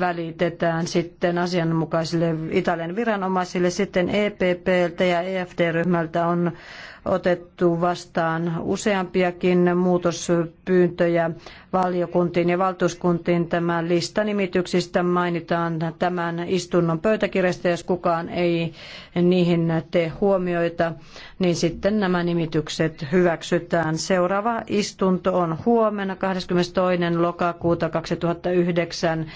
välitetään sitten asianmukaisille Italian viranomaisille. Sitten EPPltä ja EFD-ryhmältä on otettu vastaan useampiakin muutospyyntöjä valiokuntiin ja valtuuskuntiin. Tämä lista nimityksistä mainitaan tämän istunnon pöytäkirjasta. Jos kukaan ei niihin tee huomioita, niin sitten nämä nimitykset hyväksytään. Seuraava istunto on huomenna 22. lokakuuta 2009.